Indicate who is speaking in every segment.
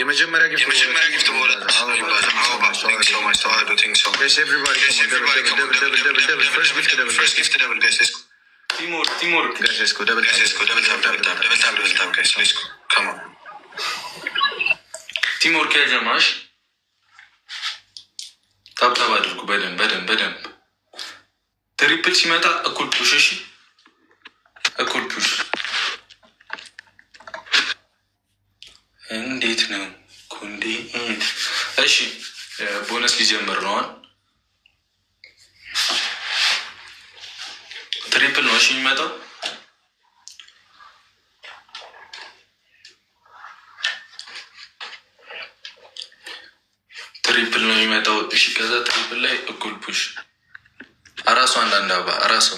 Speaker 1: የመጀመሪያ ጊፍት ታብታብ አድርጉ። በደንብ በደንብ በደንብ ትሪፕል ሲመጣ እኩል ፑሽ እኩል ፑሽ እሺ ቦነስ ሊጀምር ነዋል። ትሪፕል ነው እሺ የሚመጣው ትሪፕል ነው የሚመጣው። እሺ ከዛ ትሪፕል ላይ እኩል ፑሽ አራሱ አንዳንድ አባ አራሱ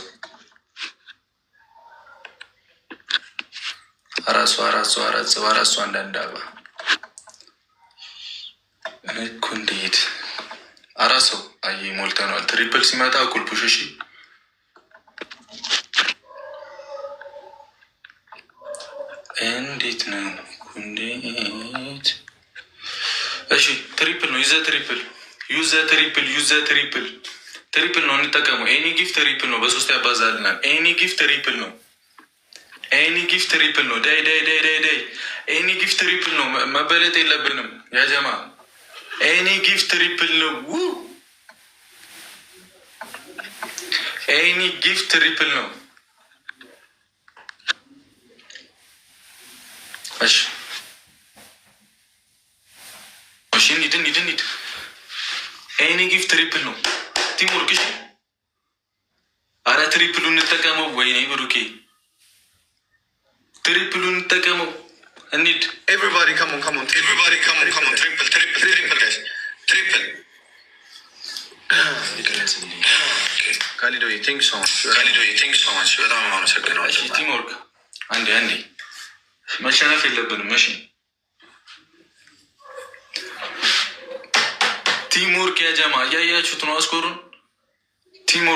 Speaker 1: አራሱ አራሱ አራሱ አራሱ አንዳንድ አባ እኔ እኮ እንዴት አራት ሰው አየ ሞልተነዋል። ትሪፕል ሲመጣ ቁልፑሽ እሺ እንዴት ነው እንዴት? እሺ ትሪፕል ነው። ዩዘ ትሪፕል ዩዘ ትሪፕል ዩዘ ትሪፕል ትሪፕል ነው እንጠቀመው። ኤኒ ጊፍት ትሪፕል ነው። በሶስት ያባዛልናል። ኤኒ ጊፍት ትሪፕል ነው። ኤኒ ጊፍት ትሪፕል ነው። ዳይ ዳይ ዳይ ዳይ ዳይ ኤኒ ጊፍት ትሪፕል ነው። መበለጥ የለብንም ያጀማ ኤኒ ጊፍት ትሪፕል ነው። የእኔ ጊፍት ትሪፕል ነው። እሺ እሺ፣ እንሂድ እንሂድ እንሂድ። የእኔ ጊፍት ትሪፕል ነው። ቲምወርክ እሺ። አረ ትሪፕሉ እንጠቀመው። ወይኔ ብሩኬ ትሪፕሉ እንጠቀመው። እንሂድ ኤቭሪባዲ፣ ካሞን ካሞን፣ ኤቭሪባዲ ካሞን ካሞን፣ ትሪፕል ትሪፕል ትሪፕል በጣም አንዴ አንዴ መሸነፍ የለብንም። እሺ ቲም ወርክ ያጀማ እያያችሁት ነው አስኮሩን። ቲም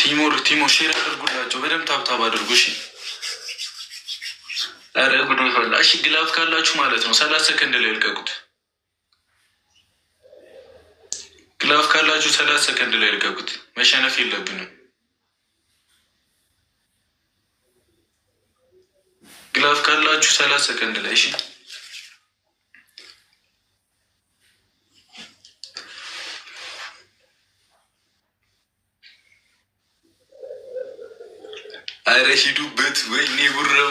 Speaker 1: ቲሞር ቲሞ ሼር አድርጉላቸው በደንብ ታብታብ አድርጉ። እሺ ኧረ ጉድ እሺ ግላፍ ካላችሁ ማለት ነው ሰላሳ ሰከንድ ላይ ልቀቁት። ግላፍ ካላችሁ ሰላሳ ሰከንድ ላይ ልቀቁት። መሸነፍ የለብንም። ግላፍ ካላችሁ ሰላሳ ሰከንድ ላይ እሺ። ኧረ ሂዱበት። ወይኔ ጉራው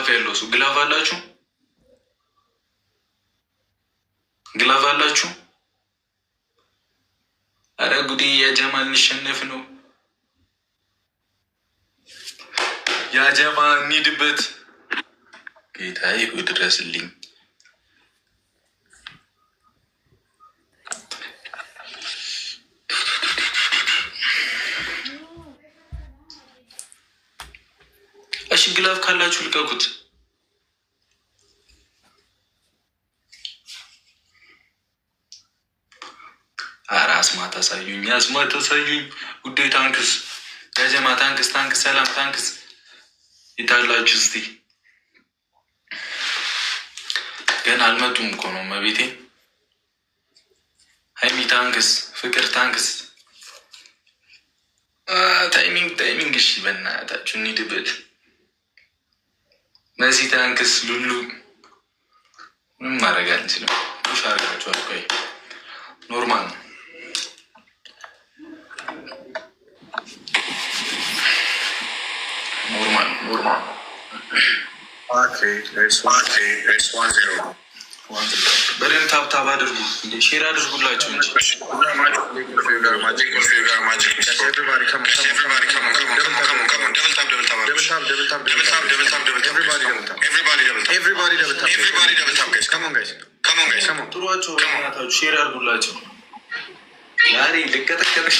Speaker 1: ግላፍ ያለው ሰው ግላፍ አላችሁ? ግላፍ አላችሁ? አረ ጉዲ የጀማ እንሸነፍ ነው። ያጀማ እንሂድበት። ጌታዬ ድረስልኝ። ግላፍ ካላችሁ ልቀቁት። ኧረ አስማ አሳዩኝ፣ አስማ አሳዩኝ። ውዴ ታንክስ ገጀማ፣ ታንክስ፣ ታንክስ፣ ሰላም፣ ታንክስ። ይታላችሁ እስቲ ግን አልመጡም እኮ ነው መቤቴ። ሀይሚ ታንክስ፣ ፍቅር ታንክስ። ታይሚንግ ታይሚንግ። እሺ በእናታችሁ እንሂድበት። መሲ ታንክስ ሉሉ ምንም ማድረግ አልችልም። ሽ አድርጋችኋል። ቆይ ኖርማል ነው። በደንብ ታብታብ አድርጉ፣ ሼር አድርጉላቸው እንጂ ተዋቸው፣ በእናታችሁ ሼር አድርጉላቸው። ዛሬ ልቀጠቀጠሽ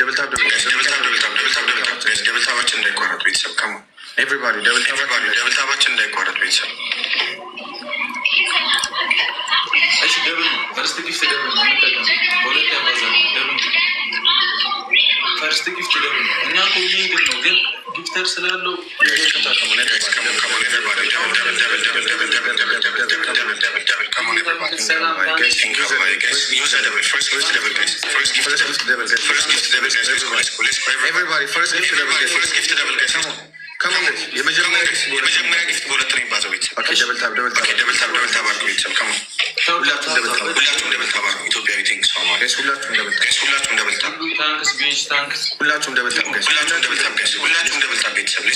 Speaker 1: ደብልታባችን እንዳይቋረጥ ቤተሰብ ከማ ኤቭሪባዲ ደብልታባችን እንዳይቋረጥ ቤተሰብ እሺ ደብል ፈርስት ጊፍት ደብል ነው የምንጠቀም። በሁለት ያባዛል። ደብል ፈርስት ጊፍት ደብል እኛ ኮ ሊንክ ነው ግን ጊፍተር ስላለው first gift to First gift to devil First gift to Everybody. Everybody. First gift to First gift to Come on. ሁላችሁም ደብል ታብ ሁላችሁም ደብል ታብ ሁላችሁም ደብል ታብ ሁላችሁም ደብል ታብ ሁላችሁም ሁላችሁም ደብል ታብ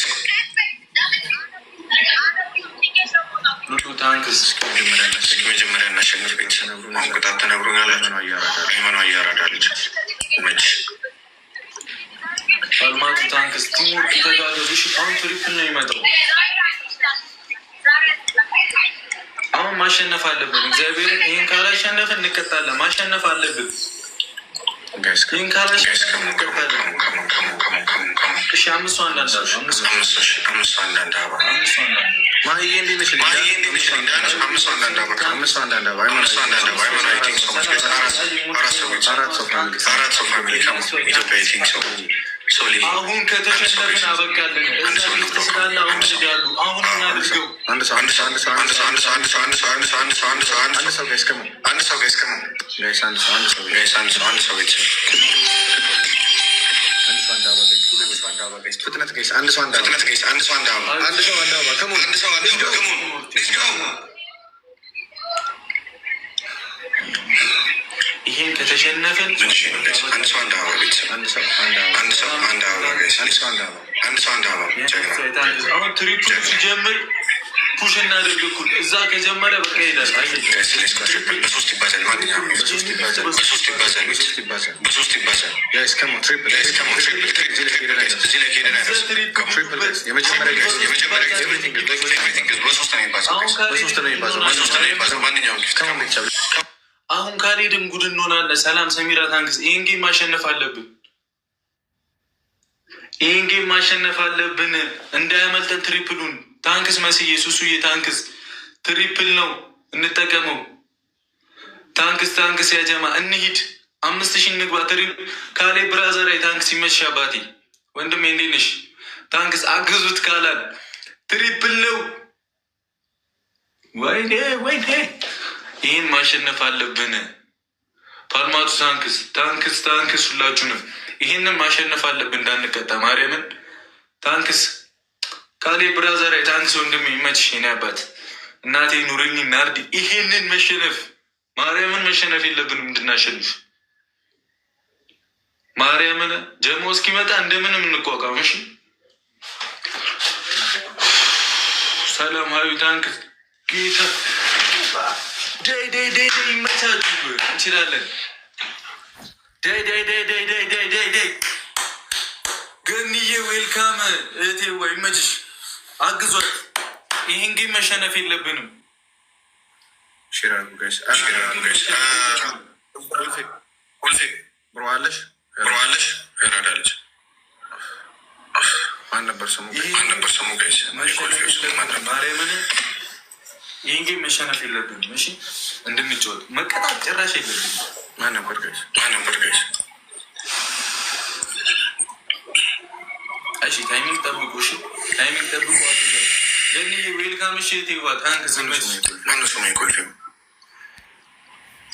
Speaker 1: መጀመሪያ እናሸንፍኝ ማንቁጣት ተነግሮኛል። አሁን አሁን ማሸነፍ አለብን። እግዚአብሔር ይህን ካላሸነፍ እንቀጣለን። ማሸነፍ አለብን። ይህን ካላሸነፍ እንቀጣለን። እሺ አምስቱ አንዳንድ አምስቱ አንዳንድ አምስቱ አንዳንድ አሁን ከተሸነፍን አበቃለን። እዛ ልክ ስላለ አሁን ይሄዳሉ። አሁን እናድርገው። ሰው አንድ ፍጥነት ይሄን ከተሸነፍን አንድ ሰው አንድ አበባ ሲጀምር ፑሽ እናደርግ እኩል እዛ ከጀመረ በቃ ይሄዳል። አሁን ካልሄድን ጉድ እንሆናለን። ሰላም ሰሚራ ታንክስ። ይህን ጌም ማሸነፍ አለብን። ይህን ጌም ማሸነፍ አለብን እንዳያመልጠን ትሪፕሉን። ታንክስ መስዬ ሱሱዬ ታንክስ። ትሪፕል ነው እንጠቀመው። ታንክስ ታንክስ ያጀማ እንሂድ አምስት ሺህ እንግባ ትሪም ካሌ ብራዘር ታንክስ ይመሽ አባቴ ወንድም እንዴት ነሽ? ታንክስ አግዙት ካላል ትሪፕል ነው። ወይኔ ወይኔ ይህን ማሸነፍ አለብን። ፓልማቱ ታንክስ ታንክስ ታንክስ ሁላችሁንም ይህንን ማሸነፍ አለብን እንዳንቀጣ ማርያምን ታንክስ ካሌ ብራዘር ታንክስ ወንድም ይመችሽ የኔ አባት እናቴ ኑርኒ ናርዲ ይህንን መሸነፍ ማርያምን መሸነፍ የለብንም እንድናሸንፍ ማርያምን ጀሞ እስኪመጣ እንደምን እንቋቋም። እሺ ሰላም ሀዩ ታንክ ጌታ ዳይዳይዳይዳይ ይመቻችሁ። እንችላለን። ገንዬ ዌልካም እህቴ፣ ወይ ይመችሽ። ይህን መሸነፍ የለብንም። ብሮ አለሽ ሮዋለሽ ረዳለች ማን ነበር ስሙ? ማን ነበር ስሙ? ማርያምን ይህን ጌም መሸነፍ የለብንም። እሺ እንድንጫወት መቀጣት ጭራሽ የለብንም። ማን ነበር ጋይስ? ማን ነበር ጋይስ? እሺ ታይሚንግ ጠብቁ። እሺ ታይሚንግ ጠብቁ። ዌልካም። እሺ ቴዋ ታንክ ማነሱ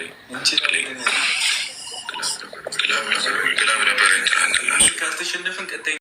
Speaker 1: ግላብ ነበር።